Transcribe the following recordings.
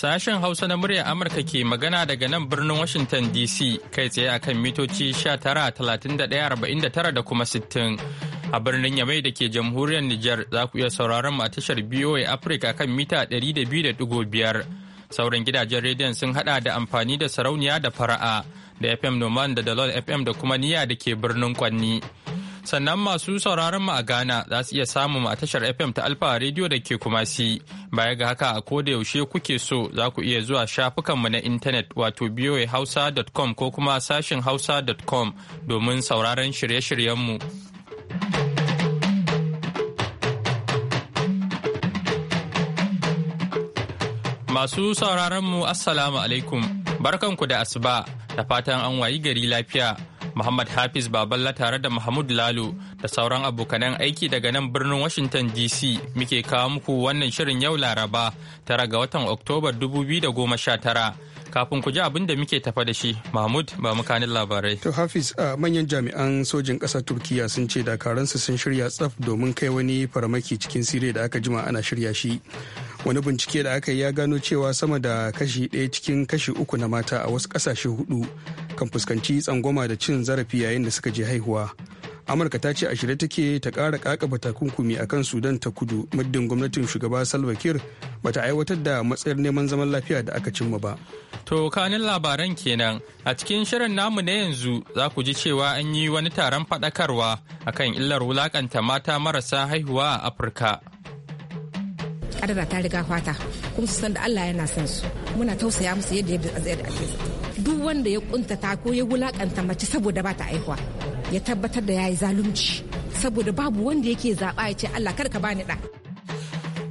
Sashen Hausa na murya Amurka ke magana daga nan birnin Washington DC kai tsaye akan mitoci 19,31,49 da kuma 60. A birnin Yamai da ke jamhuriyar Nijar za ku iya sauraron mu a tashar BOA afirka kan mita 200.5. Sauran gidajen rediyon sun hada da amfani da sarauniya da fara'a da FM Noman da Dalol FM da kuma niya da ke birnin Kwanni. sannan masu sauraron mu a Ghana za su iya samu a tashar FM ta Alfa Radio da ke Kumasi. Baya ga haka a koda yaushe kuke so za ku iya zuwa shafukanmu na intanet wato hausa.com ko kuma sashin hausa.com domin sauraron shirye-shiryenmu. Masu sauraron mu Assalamu alaikum, barkanku da asuba, da fatan an wayi gari lafiya. Muhammad Hafiz Baballa tare da Mahmud Lalo da sauran abokanan aiki daga nan birnin Washington DC muke kawo muku wannan shirin yau Laraba tara ga watan oktoba 2019. Kafin ku ji abin da muke tafa da shi, Mahmud ba mukanin labarai. To Hafiz, manyan jami'an sojin ƙasa Turkiya sun ce dakaransu sun shirya tsaf domin kai wani faramaki cikin sire da aka jima ana shirya shi. wani bincike da aka yi ya gano cewa sama da kashi ɗaya cikin kashi uku na mata a wasu ƙasashe hudu kan fuskanci tsangwama da cin zarafi yayin da suka je haihuwa amurka ta ce a shirye take ta ƙara ƙaƙaba takunkumi a kan sudan ta kudu muddin gwamnatin shugaba salva kiir bata aiwatar da matsayar neman zaman lafiya da aka cimma ba to kanin labaran kenan a cikin shirin namu na yanzu za ku ji cewa an yi wani taron faɗakarwa akan illar wulakanta mata marasa haihuwa a afirka kadara ta riga fata kuma su san da Allah yana son su muna tausaya musu yadda yadda da ake duk wanda ya kuntata ko ya wulakanta mace saboda ba ta aihuwa ya tabbatar da yayi zalunci saboda babu wanda yake zaba ya ce Allah kar ka bani da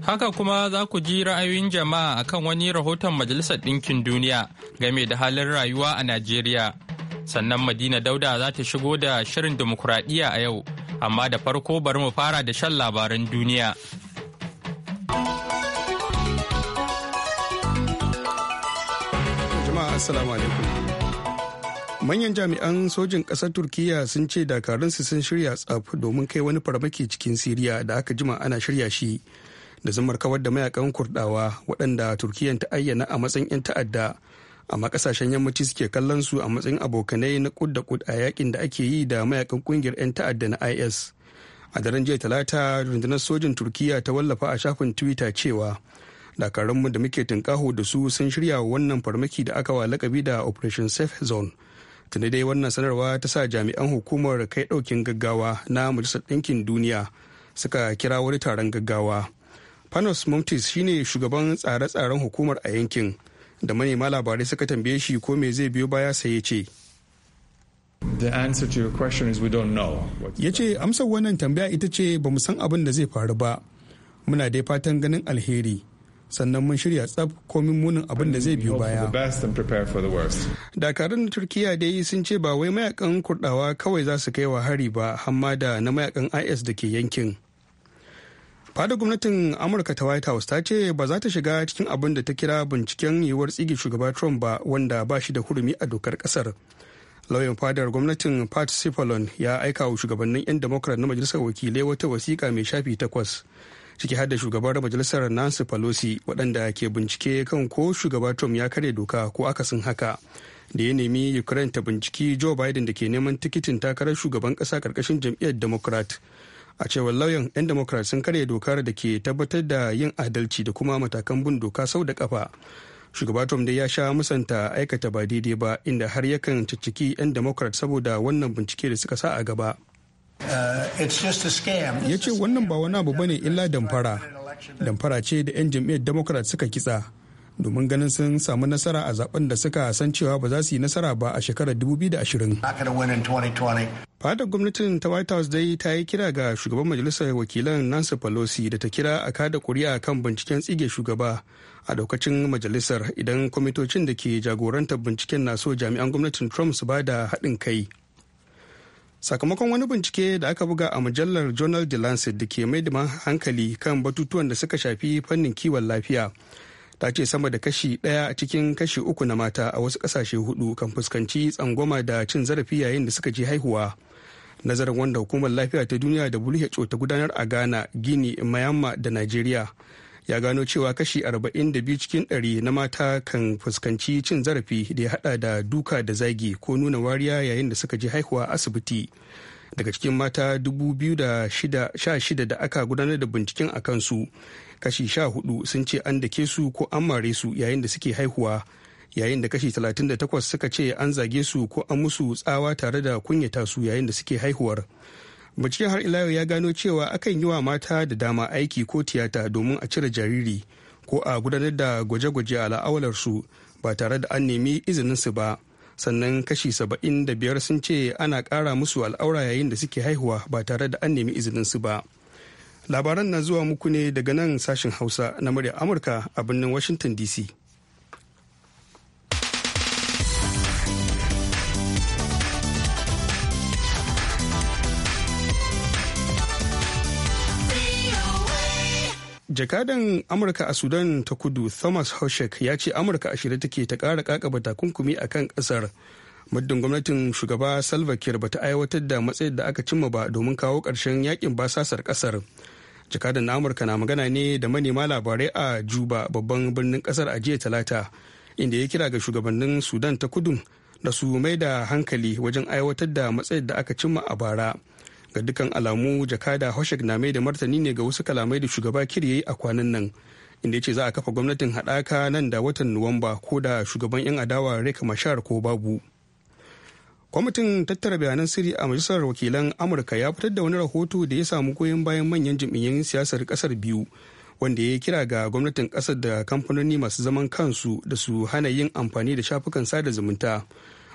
Haka kuma za ku ji ra'ayoyin jama'a akan wani rahoton Majalisar Ɗinkin Duniya game da halin rayuwa a Najeriya. Sannan Madina Dauda za ta shigo da shirin dimokuraɗiyya a yau, amma da farko bari mu fara da shan labaran duniya. Assalamu alaikum. Manyan jami'an sojin ƙasar Turkiyya sun ce dakarunsu sun shirya tsaf domin kai wani farmaki cikin Siriya da aka jima ana shirya shi da zamar kawar da mayakan kurdawa waɗanda Turkiyyan ta ayyana a matsayin 'yan ta'adda. Amma ƙasashen yammaci suke kallon su a matsayin abokanai na kud da kud a yakin da ake yi da mayakan ƙungiyar 'yan ta'adda na IS. A daren jiya talata rundunar sojin Turkiyya ta wallafa a shafin Twitter cewa dakaranmu da muke tunkaho da su sun shirya wannan farmaki da aka wa lakabi da operation safe zone tuni dai wannan sanarwa ta sa jami'an hukumar kai daukin gaggawa na majalisar ɗinkin duniya suka kira wani taron gaggawa panos montis shine shugaban tsare-tsaren hukumar a yankin da manema labarai suka tambaye shi ko me zai biyo baya sai ya ce ya ce amsar wannan tambaya ita ce ba mu san abin da zai faru ba muna dai fatan ganin alheri sannan mun shirya tsaf komin munin abin da zai biyo baya. Dakarun Turkiya dai sun ce ba wai mayakan kurdawa kawai za su kai wa hari ba hamma da na mayakan IS da ke yankin. Fada gwamnatin Amurka ta White House ta ce ba za ta shiga cikin abin da ta kira binciken yiwuwar tsige shugaba Trump ba wanda ba shi da hurumi a dokar kasar. Lauyan fadar gwamnatin Pat Cipollone ya aika wa shugabannin 'yan Democrat na Majalisar Wakilai wata wasiƙa mai shafi takwas. ciki har da shugabar majalisar Nancy Pelosi waɗanda ke bincike kan ko shugaba Trump ya karya doka ko akasin haka. Da ya nemi Ukraine ta binciki Joe Biden da ke neman tikitin takarar shugaban ƙasa karkashin jam'iyyar Democrat. A cewar lauyan 'yan Democrat sun karya dokar da ke tabbatar da yin adalci da kuma matakan bin doka sau da kafa shugaba trump da ya sha musanta aikata ba daidai ba inda har yakan cicciki 'yan democrat saboda wannan bincike da suka sa a gaba Uh, ya ce wannan ba wani abu bane illa damfara damfara ce da 'yan jam'iyyar democrat suka kitsa domin ganin sun samu nasara a zaben da suka san cewa ba za su yi nasara ba a shekarar 2020 fata gwamnatin ta white house dai ta yi kira ga shugaban majalisar wakilan nancy pelosi da ta kira a kada kuri'a kan binciken tsige shugaba a daukacin majalisar idan kwamitocin da ke jagorantar binciken na so jami'an gwamnatin trump su ba da haɗin kai sakamakon wani bincike da aka buga a mujallar journal de lancet da ke mai da hankali kan batutuwan da suka shafi fannin kiwon lafiya ta ce sama da kashi ɗaya a cikin kashi uku na mata a wasu kasashe hudu kan fuskanci tsangwama da cin zarafi yayin da suka je haihuwa nazarin wanda hukumar lafiya ta duniya da who ta gudanar a ghana gini myanmar da nigeria ya gano cewa kashi 42 cikin ɗari na mata kan fuskanci cin zarafi da ya hada da duka da zagi ko nuna wariya yayin da suka je haihuwa asibiti daga cikin mata 2016 da aka gudanar da binciken a kansu kashi 14 sun ce an dake su ko an mare su yayin da suke haihuwa yayin da kashi 38 suka ce an zage su ko an musu tsawa tare da kunyata su yayin da suke haihuwar bincike har ila ya gano cewa akan yi wa mata da dama aiki ko tiyata domin a cire jariri ko a gudanar da gwaje-gwaje a la'awalarsu ba tare da an nemi izininsu ba sannan kashi saba'in da biyar sun ce ana kara musu al'aura yayin da suke haihuwa ba tare da an nemi izininsu ba labaran na zuwa muku ne daga nan sashen hausa na murya amurka a birnin washington dc jakadan amurka a sudan ta kudu thomas hoshek ya ce amurka a shirye take ta kara kakaba takunkumi a kan kasar muddin gwamnatin shugaba salva kiir ba ta aiwatar da matsayin da aka cimma ba domin kawo karshen yakin basasar kasar jakadan na amurka na magana ne da manema labarai a juba babban birnin kasar a jiya talata inda ya kira ga shugabannin sudan ta kudu da su mai da hankali wajen aiwatar da matsayin da aka cimma a bara ga dukkan alamu jakada hoshek na mai da martani ne ga wasu kalamai da shugaba kir yayi a kwanan nan inda ya ce za a kafa gwamnatin haɗaka nan da watan nuwamba ko da shugaban 'yan adawa reka mashar ko babu kwamitin tattara bayanan sirri a majalisar wakilan amurka ya fitar da wani rahoto da ya samu goyon bayan manyan jam'iyyun siyasar kasar biyu wanda ya kira ga gwamnatin kasar da kamfanoni masu zaman kansu da su hana yin amfani da shafukan sada zumunta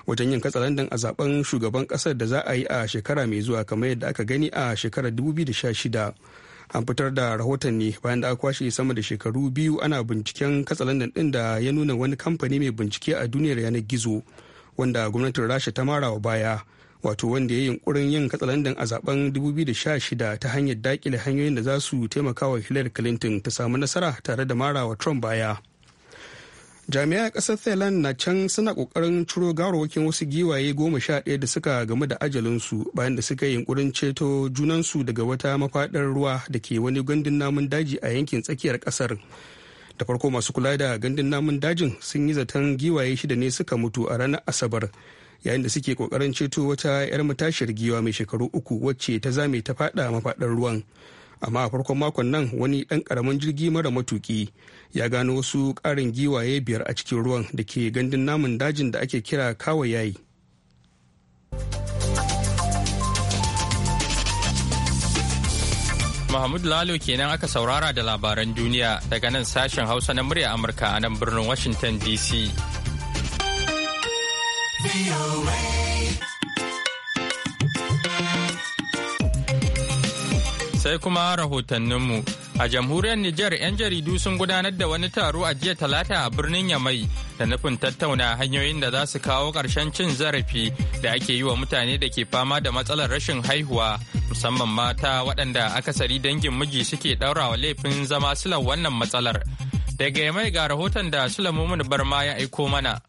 wajen yin katsalandan a zaben shugaban kasar da za a yi a shekara mai zuwa kamar yadda aka gani a shekarar 2016 an fitar da rahoton ne bayan da aka kwashe sama da shekaru biyu ana binciken katsalandan din da ya nuna wani kamfani mai bincike a duniyar yanar gizo wanda gwamnatin rasha ta mara wa baya wato wanda ya yi yunkurin yin katsalandan a zaben 2016 ta hanyar dakile hanyoyin da za su taimaka wa hillary clinton ta samu nasara tare da mara wa trump baya jami'ai kasar ƙasar thailand na can suna kokarin ciro gawarwakin wasu giwaye goma sha ɗaya da suka game da ajalinsu bayan da suka yi yunkurin ceto junansu daga wata mafaɗar ruwa da ke wani gandun namun daji a yankin tsakiyar ƙasar da farko masu kula da gandun namun dajin sun yi zaton giwaye shida ne suka mutu a ranar asabar yayin da suke kokarin ceto wata 'yar matashiyar giwa mai shekaru uku wacce ta zame ta faɗa mafaɗar ruwan amma a farkon makon nan wani dan karamin jirgi mara matuki ya gano wasu karin giwaye biyar a cikin ruwan da ke gandun namun dajin da ake kira kawayayi Mahmud Lalo kenan aka saurara da labaran duniya daga nan sashen Hausa na murya Amurka a nan birnin Washington DC. sai kuma rahotanninmu a jamhuriyar Nijar 'yan jaridu sun gudanar da wani taro a jiya talata a birnin Yamai da nufin tattauna hanyoyin da za su kawo ƙarshen cin zarafi da ake yi wa mutane da ke fama da matsalar rashin haihuwa musamman mata waɗanda akasari dangin miji suke ɗaurawa laifin zama silar wannan matsalar. Daga Yamai ga rahoton da Sulaiman Barma ya aiko mana.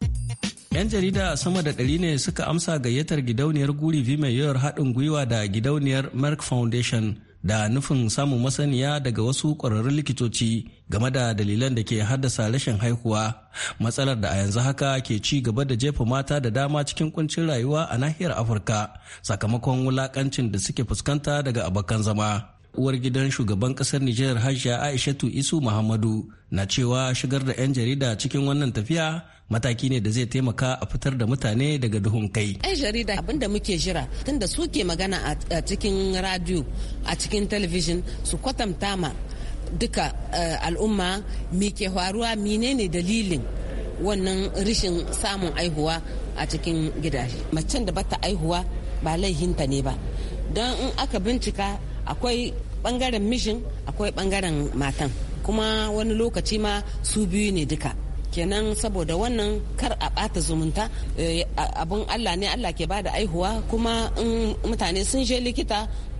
'yan jarida sama da ɗari ne suka amsa gayyatar gidauniyar guri vimayor haɗin gwiwa da gidauniyar merck foundation da nufin samun masaniya daga wasu ƙwararrun likitoci game da dalilan da ke haddasa rashin haihuwa matsalar da a yanzu haka ke ci gaba da jefa mata da dama cikin kuncin rayuwa a nahiyar afirka sakamakon wulakancin da suke fuskanta daga abokan zama uwar gidan shugaban kasar Nijar Hajiya Aishatu Isu Muhammadu na cewa shigar da 'yan jarida cikin wannan tafiya mataki ne da zai taimaka a fitar da mutane daga duhun kai. Ai jarida abin da muke jira tun da suke magana a cikin radio a cikin talabijin su kwatanta ma duka eh, al'umma me ke faruwa menene dalilin wannan rishin samun aihuwa a cikin gidaje. Macen da bata aihuwa ba laihinta ne ba don in aka bincika akwai bangaren mishin akwai bangaren matan kuma wani lokaci ma su biyu ne duka. kenan saboda wannan kar a bata zumunta eh, abun allah ne allah ke bada aihuwa kuma mutane sun je likita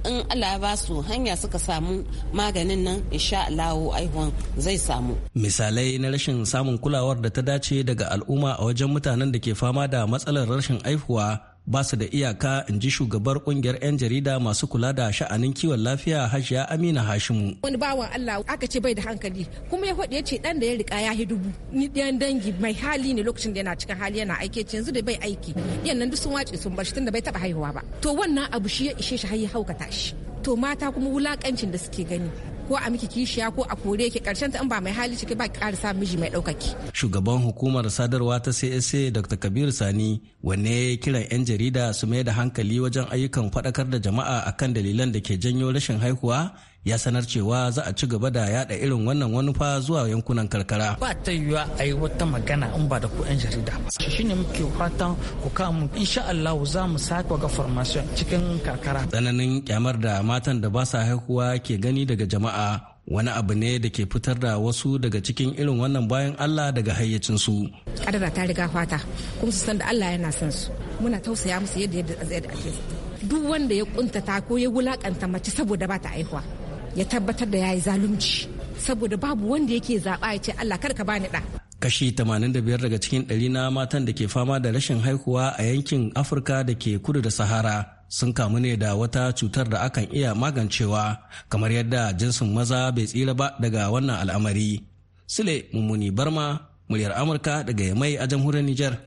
in Allah ya su hanya suka samu maganin nan insha Allah aihuwan zai samu. Misalai na rashin samun kulawar da ta dace daga al'umma a wajen mutanen da ke fama da matsalar rashin aihuwa ba su da iyaka in ji shugabar kungiyar 'yan jarida masu kula da sha'anin kiwon lafiya hajiya amina hashimu wani bawan allah aka ce bai da hankali kuma ya faɗi ya ce dan da ya rika ya dubu ni dangi mai hali ne lokacin da yana cikin hali yana aiki ce yanzu da bai aiki yan nan duk sun wace sun bar tun da bai taba haihuwa ba to wannan abu shi ya ishe shi har ya haukata shi to mata kuma wulakancin da suke gani ko a miki kishiya ko a kore ki karshen ta in ba mai hali ciki ba ki ƙara sa miji mai ɗaukaki. Shugaban hukumar sadarwa ta CSA Dr. Kabir Sani wanne ya kiran 'yan jarida su mai da hankali wajen ayyukan faɗakar da jama'a akan dalilan da ke janyo rashin haihuwa ya sanar cewa za a ci gaba da yada irin wannan manufa zuwa yankunan karkara. Ba ta yiwuwa a yi wata magana in ba da ku 'yan jarida ba. Shi ne muke fatan ku mu insha Allah za mu sake ga formation cikin karkara. Tsananin kyamar da matan da ba sa haihuwa ke gani daga jama'a wani abu ne da ke fitar da wasu daga cikin irin wannan bayan Allah daga hayyacinsu. Kadara ta riga fata kuma su san da Allah yana son su muna tausaya musu yadda yadda ake duk wanda ya kuntata ko ya wulakanta mace saboda ba ta aihuwa ya tabbatar da ya yi zalunci saboda babu wanda yake zaɓa ya ce Allah kar ka bani ɗa. Kashi 85 daga cikin ɗari na matan da ke fama da rashin haihuwa a yankin Afirka da ke kudu da Sahara sun kamu ne da wata cutar da akan iya magancewa kamar yadda jinsin maza bai tsira ba daga wannan al'amari. Sule Mummuni Barma, muryar Amurka daga Yamai a jamhuriyar Nijar.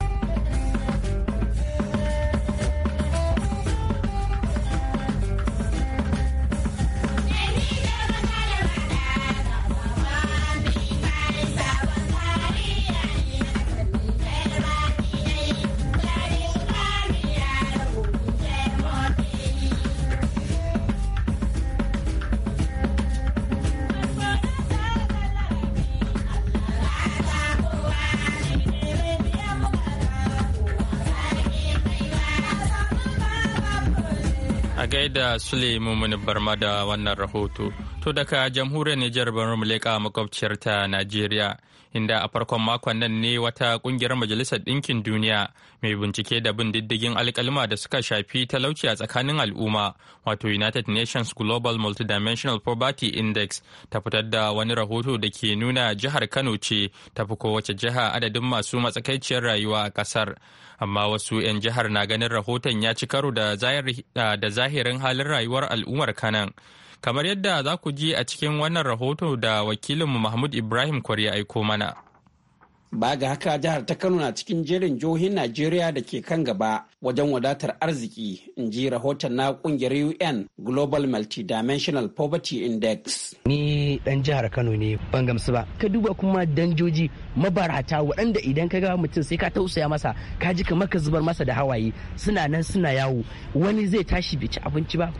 Suleiman Muni Barma da wannan rahoto. To daga jamhuriyar Nijar bari mu makwabciyar ta Najeriya inda a farkon makon nan ne wata kungiyar majalisar ɗinkin duniya mai bincike da bin diddigin alkalma da suka shafi talauci a tsakanin al'umma wato united nations global multidimensional poverty index ta fitar da wani rahoto da ke nuna jihar kano ce ta fi kowace jiha adadin masu matsakaiciyar rayuwa a ƙasar amma wasu 'yan jihar na ganin rahoton ya ci karo da zahirin halin rayuwar al'ummar kanan Kamar yadda za ku ji a cikin wannan rahoto da wakilinmu Mahmud Ibrahim Kwari ya aiko mana. Ba ga haka jihar ta Kano na cikin jerin jihohin Najeriya da ke kan gaba wajen wadatar arziki, in ji rahoton na kungiyar UN Global Multidimensional Poverty Index. Ni dan jihar Kano ne ban gamsu ba. Ka duba kuma danjoji mabarata waɗanda idan ka ga mutum sai ka tausaya masa, ka ji kamar ka zubar masa da hawaye, suna nan suna yawo. Wani zai tashi bai ci abinci ba,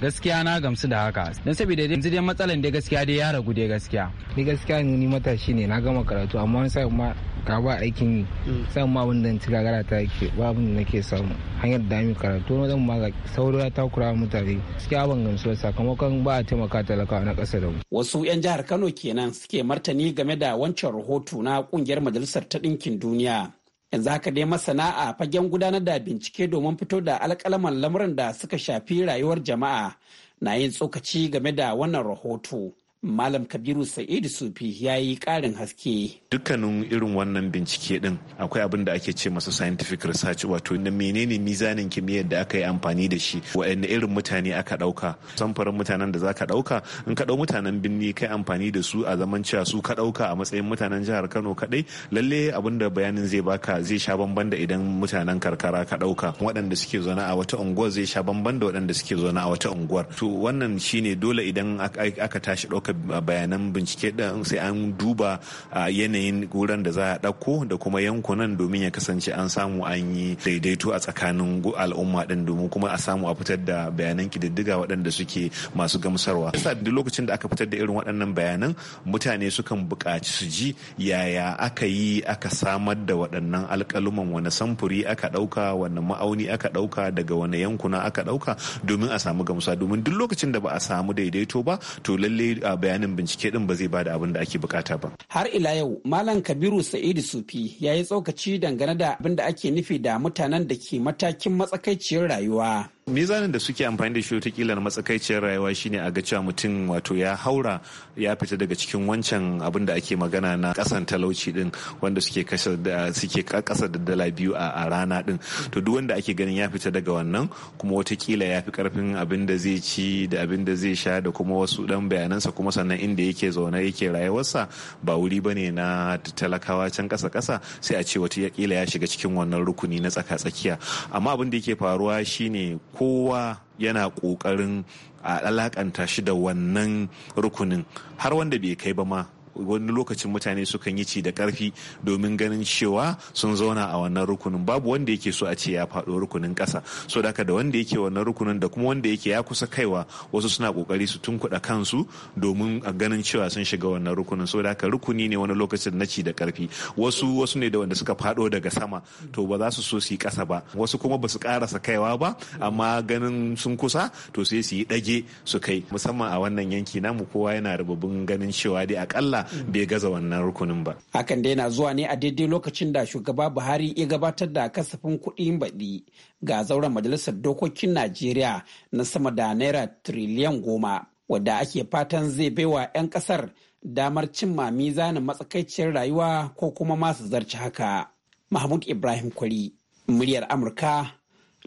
gaskiya na gamsu da haka don saboda yanzu dai matsalan da gaskiya dai ya ragu dai gaskiya ni gaskiya ni matashi ne na gama karatu amma wani sa'in ma ba aikin yi mm. sa'in ma wanda ci gagara ta ke ba abin da nake samu hanyar da mu karatu wani zan ma ga sauro ya takura mutane gaskiya ban gamsu sakamakon ba a taimaka talakawa na kasa da mu. wasu 'yan jihar kano kenan suke martani game da wancan rahoto na kungiyar majalisar ta ɗinkin duniya yanzu haka dai masana a fagen gudanar da bincike domin fito da alkalaman lamuran da suka shafi rayuwar jama'a na yin tsokaci game da wannan rahoto. Malam Kabiru Sa'id Sufi ya yi ƙarin haske. Dukkanin irin wannan bincike din akwai abin da ake ce masa scientific research wato na menene mizanin kimiyyar da aka yi amfani da shi waɗanne irin mutane aka ɗauka samfarin mutanen da za ka ɗauka in ka ɗau mutanen birni kai amfani da su a zaman cewa su ka ɗauka a matsayin mutanen jihar Kano kaɗai lalle abin da bayanin zai baka zai sha bamban da idan mutanen karkara ka ɗauka waɗanda suke zaune a wata unguwar zai sha bamban da waɗanda suke zaune a wata unguwar to wannan shine dole idan aka tashi ɗaukar bayanan bincike ɗin sai an duba a yanayin wurin da za a ɗauko da kuma yankunan domin ya kasance an samu an yi daidaito a tsakanin al'umma ɗin domin kuma a samu a fitar da bayanan kididdiga waɗanda suke masu gamsarwa. Yasa duk lokacin da aka fitar da irin waɗannan bayanan mutane sukan buƙaci su ji yaya aka yi aka samar da waɗannan alƙaluman wani samfuri aka ɗauka wani ma'auni aka ɗauka daga wani yankuna aka ɗauka domin a samu gamsa domin duk lokacin da ba a samu daidaito ba to lallai bayanin bincike din ba zai bada abin da ake bukata ba. Har ila yau Malam Kabiru Sa'idu Sufi ya yi tsokaci dangane da abin da ake nufi da mutanen da ke matakin matsakaiciyar rayuwa. mizanin da suke amfani da shi watakila na matsakaiciyar rayuwa shine a ga cewa mutum wato ya haura ya fita daga cikin wancan abin da ake magana na kasan talauci din wanda suke kasa suke kasa da dala biyu a rana din to duk wanda ake ganin ya fita daga wannan kuma watakila ya fi karfin abin da zai ci da abin da zai sha da kuma wasu dan bayanansa kuma sannan inda yake zaune yake rayuwarsa ba wuri bane na talakawa can kasa kasa sai a ce watakila ya shiga cikin wannan rukuni na tsaka tsakiya amma abin da yake faruwa shine kowa yana ƙoƙarin a alakanta shi da wannan rukunin har wanda bai kai ba ma wani lokacin mutane sukan yi ci da karfi domin ganin cewa sun zauna a wannan rukunin babu wanda yake so a ce ya faɗo rukunin ƙasa so da da wanda yake wannan rukunin da kuma wanda yake ya kusa kaiwa wasu suna kokari su tunkuɗa kansu domin a ganin cewa sun shiga wannan rukunin so da rukuni ne wani lokacin na ci da karfi wasu wasu ne da wanda suka faɗo daga sama to ba za su so su yi ƙasa ba wasu kuma ba su ƙarasa kaiwa ba amma ganin sun kusa to sai su yi ɗage su kai musamman a wannan yanki namu kowa yana rububin ganin cewa dai akalla bai gaza wannan rukunin ba. Hakan dai na zuwa ne a daidai lokacin da shugaba Buhari ya gabatar da kasafin kuɗin baɗi ga zauren majalisar dokokin Najeriya na sama da naira tiriliyan goma wadda ake fatan zai baiwa 'yan ƙasar damar cimma mizanin matsakaiciyar rayuwa ko kuma masu zarci haka. Mahmud Ibrahim Kwari, muryar Amurka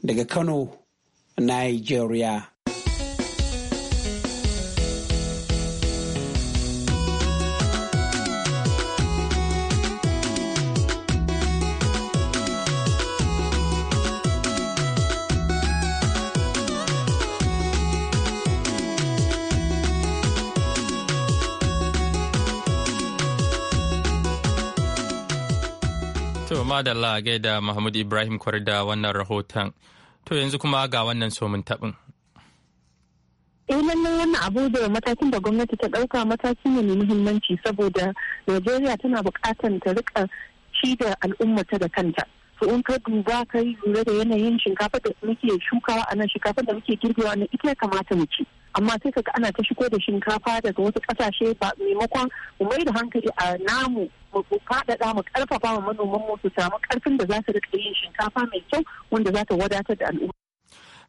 daga Kano, Nigeria. Madalla gaida muhammad Ibrahim kwari da wannan rahoton. To yanzu kuma ga wannan somin taɓin. eh lallai wannan abu da matakin da gwamnati ta ɗauka mataki ne mai muhimmanci saboda najeriya tana buƙatar ta rika ci da al'ummata da kanta to in ka duba ka yi lura da yanayin shinkafa da muke shukawa a nan shinkafa da muke girbewa na ita ya kamata mu ci amma sai kaga ana ta shigo da shinkafa daga wasu kasashe ba maimakon mu mai da hankali a namu mu faɗaɗa mu ƙarfafa wa manoman mu su samu ƙarfin da za su rika yin shinkafa mai kyau wanda za ta wadatar da al'umma.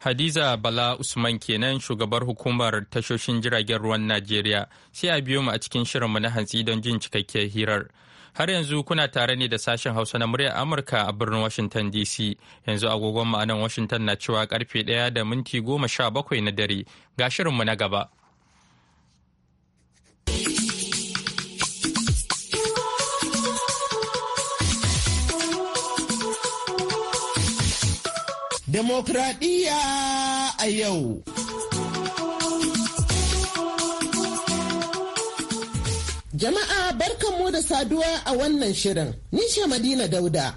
Hadiza Bala Usman kenan shugabar hukumar tashoshin jiragen ruwan Najeriya sai a biyo mu a cikin shirinmu na hantsi don jin cikakkiyar hirar. Har yanzu kuna tare ne da sashen Hausa na muryar Amurka a birnin Washington DC. Yanzu agogon ma'anan Washington na cewa karfe daya da minti goma sha bakwai na dare. Ga shirinmu na gaba. Demokradiyya a yau. Jama'a barkanmu da saduwa a wannan shirin. Ni ce Madina Dauda.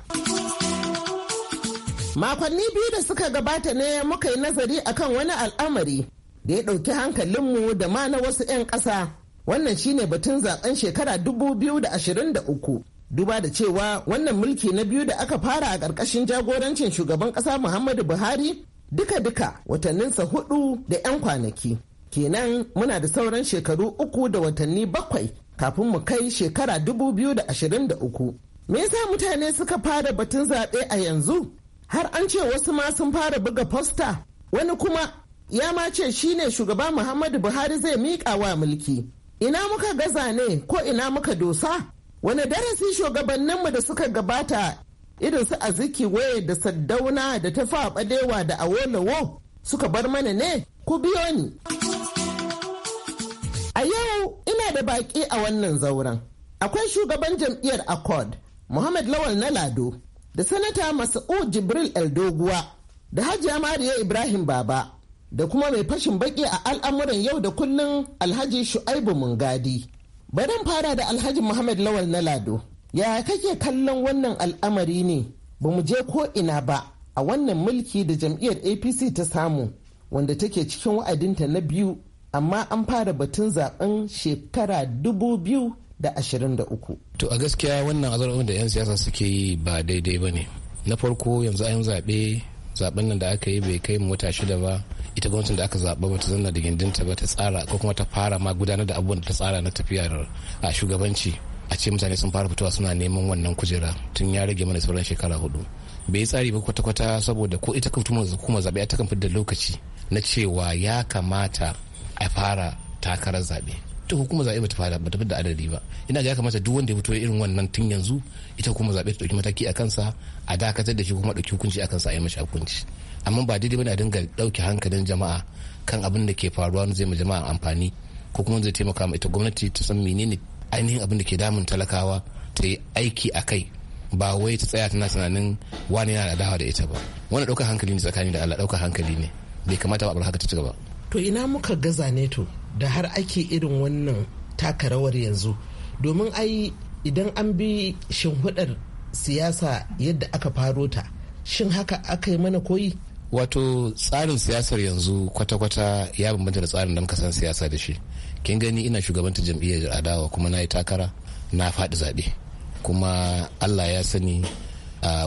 Makonni biyu da suka gabata ne muka yi nazari akan wani al'amari da ya ɗauki hankalinmu da ma na wasu 'yan ƙasa. Wannan shine batun zaben shekara dubu biyu da ashirin da uku. Duba da cewa wannan mulki na biyu da aka fara a ƙarƙashin jagorancin shugaban ƙasa Muhammadu Buhari duka-duka watanninsa hudu da 'yan kwanaki. kenan muna da sauran shekaru uku da watanni bakwai kafin mu kai shekara dubu biyu da da ashirin uku, Me yasa mutane suka fara batun zaɓe a yanzu? Har an ce wasu ma sun fara buga fosta, wani kuma ya ma ce shi ne shugaba Muhammadu Buhari zai miƙa wa mulki. Ina muka gaza ne ko ina muka dosa? Wani darasi shugabanninmu da suka gabata irin su aziki waye da saddauna da tafa ɓadewa da awolowo suka bar mana ne ku biyo ni. da baƙi a wannan zauren. Akwai shugaban jam'iyyar Accord, Muhammad Lawal na Lado, da Sanata mas'u Jibril Eldoguwa, da Hajiya Mariya Ibrahim Baba, da kuma mai fashin baki a al'amuran yau da kullun Alhaji Shu'aibu Mungadi. Barin fara da Alhaji Muhammad Lawal na Lado. Ya kake kallon wannan al'amari ne? Ba mu je ko ina ba a wannan mulki da jam'iyyar APC ta samu, wanda take cikin wa'adinta na biyu amma an fara batun zaben shekara dubu da ashirin da uku. To a gaskiya wannan azarfin da 'yan siyasa suke yi ba daidai ba ne. Na farko yanzu an zaɓe zaben nan da aka yi bai kai wata shida ba ita gwamnatin da aka zaɓa ba ta zanna da gindinta ba ta tsara ko kuma ta fara ma gudanar da abubuwan da ta tsara na tafiyar a shugabanci a ce mutane sun fara fitowa suna neman wannan kujera tun ya rage mana sauran shekara hudu bai tsari ba kwata-kwata saboda ko ita kuma zaɓe ta kan fidda lokaci na cewa ya kamata a fara takarar zaɓe ita hukumar zaɓe bata fara bata da adadi ba ina ga ya kamata duk wanda ya fito irin wannan tun yanzu ita hukumar zaɓe ta ɗauki mataki a kansa a dakatar da shi kuma ɗauki hukunci a kansa a yi mashi hukunci amma ba daidai bane a dinga ɗauke hankalin jama'a kan abin da ke faruwa zai ma jama'a amfani ko kuma zai taimaka ma ita gwamnati ta san menene ainihin abin da ke damun talakawa ta yi aiki a kai ba wai ta tsaya tana tunanin wani yana da dawa da ita ba wani ɗaukar hankali ne tsakani da Allah ɗaukar hankali ne bai kamata ba a haka ta ci gaba to ina muka gaza ne to da har ake irin wannan takarawar yanzu domin ai idan an bi hudar siyasa yadda aka faro ta shin haka aka yi mana koyi wato tsarin siyasar yanzu kwata-kwata ya bambanta da tsarin da muka san siyasa da shi kin gani ina shugabanta jam'iyyar adawa kuma na yi takara na faɗi zaɓe kuma allah ya sani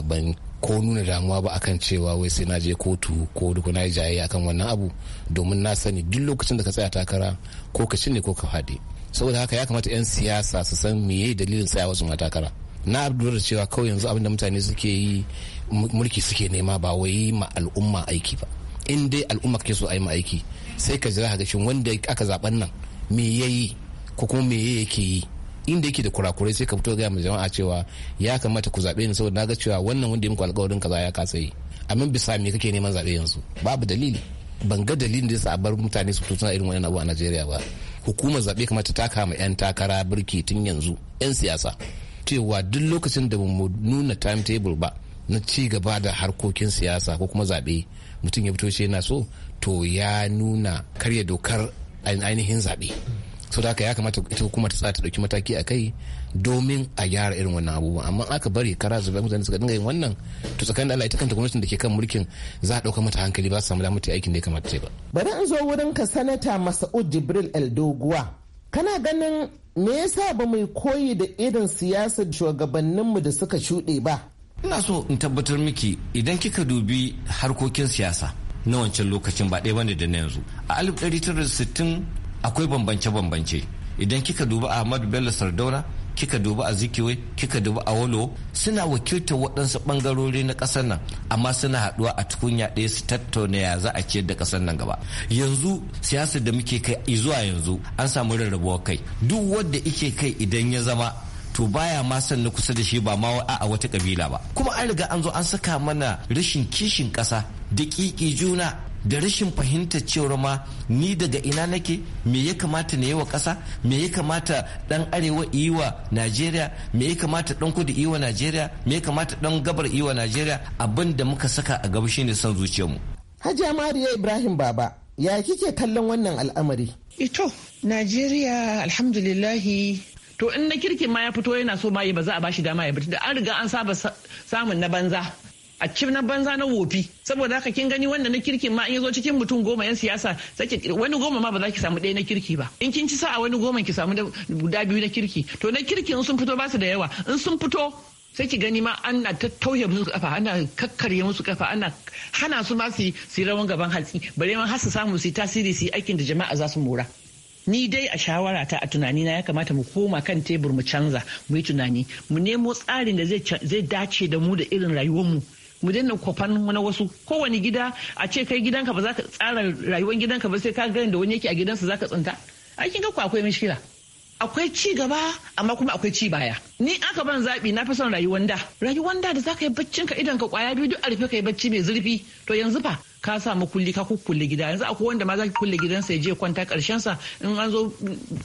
ban ko nuna damuwa ba akan cewa wai sai na je kotu ko duk na yi jayayya akan wannan abu domin na sani duk lokacin da ka tsaya takara ko ka ne ko ka faɗi saboda haka ya kamata 'yan siyasa su san meye dalilin tsayawa su takara na da cewa kawai yanzu abinda mutane suke yi mulki suke nema ba wai ma al'umma aiki ba in dai al'umma kake so a yi ma aiki sai ka jira ga shin wanda aka zaben nan me yayi ko kuma me yake yi inda yake da kurakurai sai ka fito ga mu jama'a cewa ya kamata ku zabe ni saboda ga cewa wannan wanda ya muku alƙawarin kaza ya kasa yi amma bisa me kake neman zabe yanzu babu dalili ban ga dalilin da yasa a bar mutane su tutuna irin wannan abu a Najeriya ba hukumar zabe kamata ta kama yan takara birki tun yanzu yan siyasa cewa duk lokacin da mu nuna timetable ba na ci gaba da harkokin siyasa ko kuma zabe mutum ya fito shi yana so to ya nuna karya dokar ainihin zabe so da haka ya kamata ita hukumar ta ta dauki mataki a kai domin a gyara irin wannan abubuwan amma aka bari kara zuba mutane suka dinga yin wannan to tsakanin Allah ita kanta gwamnatin da ke kan mulkin za a dauka mata hankali ba su samu damar ta aikin da ya kamata ta ba bari in zo wurin ka sanata Mas'ud Jibril El Doguwa kana ganin me yasa ba mai koyi da irin siyasar mu da suka shuɗe ba ina so in tabbatar miki idan kika dubi harkokin siyasa na wancan lokacin ba ɗaya bane da na yanzu a 1960 akwai bambance-bambance idan kika duba ahmad bello sardauna kika duba a zikiwe kika duba a walo suna wakiltar waɗansu ɓangarori na ƙasar nan amma suna haɗuwa a tukunya ɗaya su tattauna ya za a ciyar da ƙasar nan gaba yanzu siyasar da muke kai zuwa yanzu an samu rarrabuwar kai duk wanda ike kai idan ya zama to baya ma san na kusa da shi ba ma a wata kabila ba kuma an riga an zo an saka mana rashin kishin ƙasa da ƙiƙi juna da rashin fahimtar cewar ma ni daga ina nake me ya kamata na yi wa ƙasa me ya kamata ɗan arewa iwa wa najeriya me ya kamata ɗan kudu iwa wa najeriya me ya kamata ɗan gabar iwa wa najeriya abin da muka saka a gaba shine son zuciyarmu. hajiya ya ibrahim baba ya kike kallon wannan al'amari. ito e najeriya alhamdulillahi to in na kirki ma ya fito yana so ma yi ba za a bashi dama ya bata da an riga an saba samun na banza a cif na banza na wofi saboda haka kin gani wanda na kirki ma in yazo cikin mutum goma yan siyasa sake wani goma ma ba za ki samu ɗaya na kirki ba in kin ci a wani goma ki samu guda biyu na kirki to na kirki in sun fito ba su da yawa in sun fito sai ki gani ma ana tattauye musu kafa ana kakkarye musu kafa ana hana su ma su yi rawan gaban hatsi bare ma har su samu su yi tasiri su yi aikin da jama'a za su mora ni dai a shawara ta a tunani na ya kamata mu koma kan tebur mu canza mu yi tunani mu nemo tsarin da zai dace da mu da irin rayuwar mu mu daina kwafan na wasu kowane gida a ce kai gidanka ba za ka tsara rayuwar gidanka ba sai ka ga da wani yake a gidansa za ka tsinta aikin ga akwai mishkila akwai ci gaba amma kuma akwai ci baya ni aka ban zaɓi na fi son rayuwar da rayuwar da da za ka yi baccin ka idan ka kwaya biyu duk a rufe ka yi bacci mai zurfi to yanzu fa ka sa makulli ka kukkulle gida yanzu akwai wanda ma zaki kulle gidansa ya je kwanta karshen sa in an zo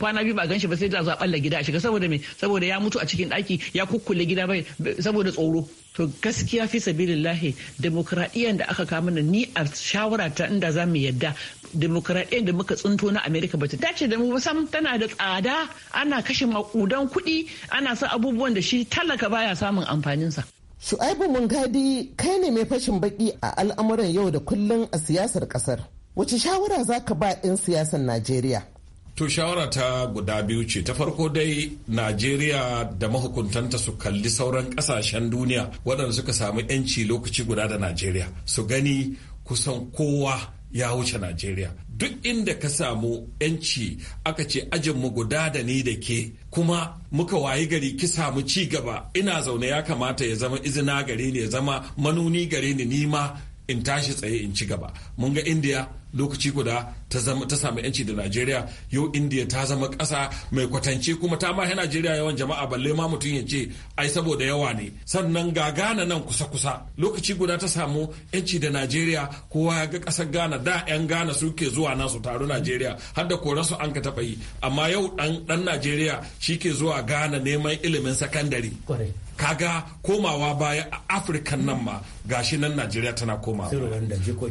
kwana biyu ba ganshi ba sai da za a balla gida a shiga saboda me saboda ya mutu a cikin daki ya kukkulle gida bai saboda tsoro to gaskiya fi sabilillahi demokradiyyar da aka mana ni a shawara ta inda za mu yadda demokradiyyar da muka tsinto na america bata dace da mu sam tana da tsada ana kashe makudan kuɗi ana sa abubuwan da shi talaka baya samun amfaninsa Shu'aibu Mungadi kai ne mai fashin baki a al'amuran yau da kullum a siyasar kasar. Wace shawara za ka ba 'yan siyasar Najeriya? To shawara ta guda biyu ce ta farko dai Najeriya da mahukuntanta su kalli sauran kasashen duniya waɗanda suka samu 'yanci lokaci guda da Najeriya su gani kusan kowa ya wuce Najeriya. Duk inda ka samu 'yanci aka ce ajinmu guda da ni da ke kuma muka wayi gari ki samu ci gaba ina zaune ya kamata ya zama izina gare ni ya zama manuni gare ni nima in tashi tsaye in ci gaba. Mun ga India lokaci guda ta zama ta samu yanci da Najeriya yau Indiya ta zama ƙasa mai kwatance kuma ta ma Najeriya yawan jama'a balle ma mutum ya ce ai saboda yawa ne sannan ga Ghana nan kusa kusa lokaci guda ta samu yanci da Najeriya kowa ya ga ƙasar Ghana da yan Ghana suke zuwa nan su taru Najeriya har da kora su an ka taɓa yi amma yau dan dan Najeriya ke zuwa Ghana neman ilimin sakandare kaga komawa baya a afirka nan ma gashi nan najeriya tana komawa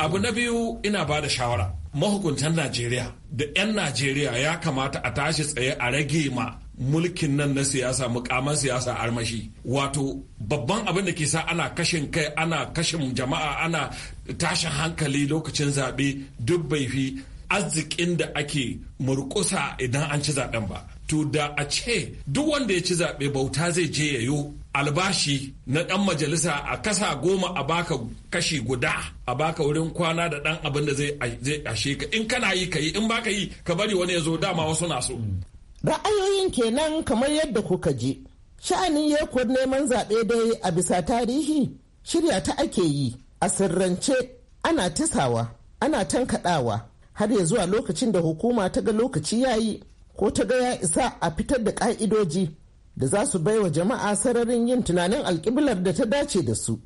abu na biyu ina ba da shawara mahukuntan najeriya da 'yan najeriya ya kamata a tashi tsaye a rage ma mulkin nan na siyasa mukaman siyasa armashi wato babban abin da ke sa ana kashin kai ana kashin jama'a ana tashin hankali lokacin zaɓe duk bai fi arzikin da ake murkusa idan an ci zaɓen ba to da a ce duk wanda ya ci zaɓe bauta zai je ya yayo albashi na ɗan majalisa a kasa goma a baka kashi guda a baka wurin kwana da ɗan abin da zai ashe ka in kana yi ka yi in baka yi ka bari wani ya zo dama wasu na so. ra'ayoyin kenan kamar yadda kuka ji sha'anin yakuwar neman zaɓe dai a bisa tarihi shirya ta ake yi a sirrance ana tasawa ana tankaɗawa har ya zuwa lokacin da hukuma ta ga lokaci ya yi ko ta ga ya isa a fitar da ƙa'idoji da za su baiwa jama'a sararin yin tunanin alkiblar da ta dace da su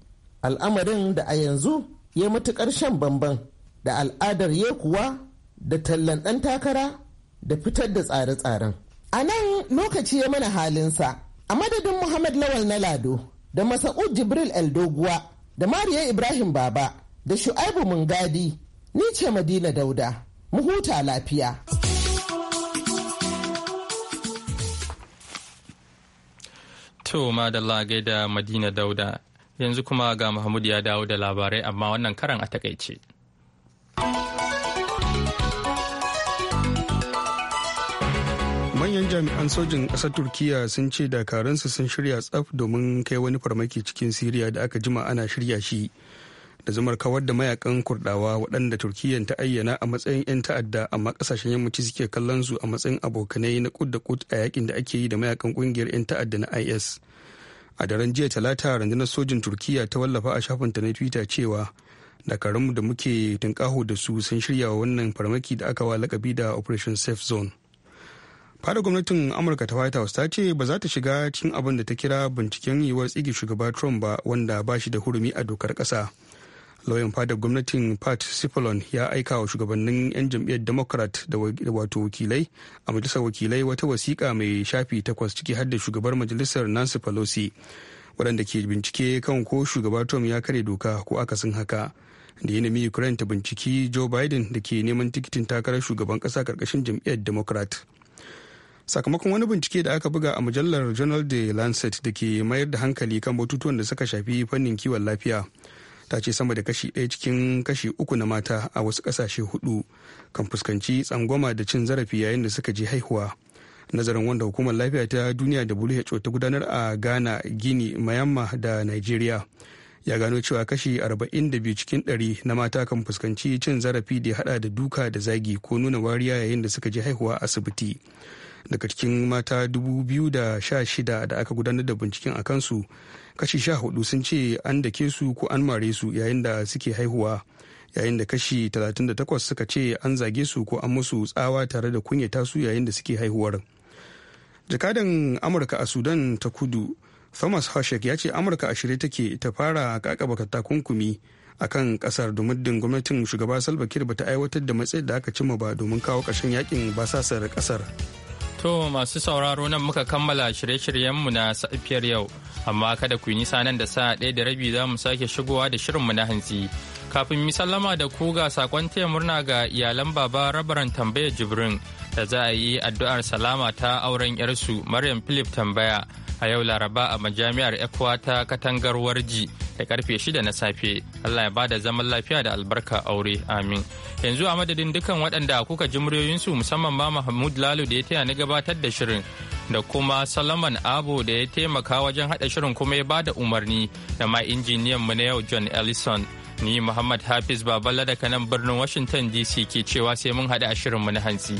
al'amarin da a yanzu ya matukar shan bamban da al'adar yekuwa da tallan ɗan takara da fitar da tsare-tsaren a nan lokaci ya mana halinsa a madadin muhammad lawal na lado da masa'ud jibril eldoguwa da mariya ibrahim baba da shu'aibu mungadi ni ce madina dauda mu huta lafiya To madalla da Madina Dauda yanzu kuma ga Mahmud ya dawo da labarai amma wannan karan a takaice. manyan jami'an sojin ƙasar turkiya sun ce dakarunsu sun shirya tsaf domin kai wani farmaki cikin siriya da aka jima ana shirya shi da zumar kawar da mayakan kurdawa waɗanda turkiyyar ta ayyana a matsayin 'yan ta'adda amma kasashen yammaci suke kallon su a matsayin abokanai na kud da kud a yakin da ake yi da mayakan ƙungiyar 'yan ta'adda na is a daren jiya talata rundunar sojin turkiyya ta wallafa a shafin ta na twitter cewa dakarunmu da muke tunkaho da su sun shirya wa wannan farmaki da aka wa lakabi da operation safe zone fada gwamnatin amurka ta white house ta ce ba za ta shiga cikin abin da ta kira binciken yiwuwar tsigi shugaba trump ba wanda ba shi da hurumi a dokar kasa lauyan fadar gwamnatin pat cipollon ya aika wa shugabannin 'yan jam'iyyar democrat da wato wakilai a majalisar wakilai wata wasiƙa mai shafi takwas ciki har da shugabar majalisar nancy pelosi waɗanda ke bincike kan ko shugaba tom ya kare doka ko akasin haka da nemi ukraine ta binciki joe biden da ke neman tikitin takarar shugaban ƙasa karkashin jam'iyyar democrat sakamakon wani bincike da aka buga a mujallar journal de lancet da ke mayar da hankali kan batutuwan da suka shafi fannin kiwon lafiya ta ce sama da kashi ɗaya cikin kashi uku na mata a wasu ƙasashe hudu kan fuskanci tsangwama da cin zarafi yayin da suka je haihuwa nazarin wanda hukumar lafiya ta duniya da who ta gudanar a ghana gini mayamma da nigeria ya gano cewa kashi 42 cikin 100 na mata kan fuskanci cin zarafi da hada da duka da zagi ko nuna wariya yayin da suka je haihuwa asibiti daga cikin mata 2016 da aka gudanar da binciken a kansu kashi 14 sun ce an dake su ko an mare su yayin da suke haihuwa yayin da kashi 38 suka ce an zage su ko an musu tsawa tare da kunyata su yayin da suke haihuwar jakadan amurka a sudan ta kudu thomas hoshek ya ce amurka a shirye take ta fara kakaba takunkumi a kan kasar domin gwamnatin shugaba salva kiir bata aiwatar da matsayin da aka cimma ba domin kawo ƙarshen yakin basasar kasar To masu sauraro nan muka kammala shirye-shiryenmu na safiyar yau, amma kada ku yi nisa nan da sa'a ɗaya da rabi za mu sake shigowa da shirinmu na hantsi. Kafin mi da ku ga sakon taya murna ga iyalan baba rabaran tambaya Jibrin da za a yi addu'ar salama ta auren 'yarsu Maryam Philip tambaya a yau Laraba a majami'ar Ekwa ta katangar Warji. da karfe shida na safe. Allah ya bada zaman lafiya da albarka aure. Amin. Yanzu a madadin dukan waɗanda kuka ji muryoyinsu musamman ma Mahmud Lalo da ya taya ni gabatar da shirin da kuma Salaman Abu da ya taimaka wajen haɗa shirin kuma ya bada umarni da ma injiniyan mu na yau John Ellison. Ni Muhammad Hafiz Baballa daga kanan birnin Washington DC ke cewa sai mun haɗu a shirin mu na hantsi.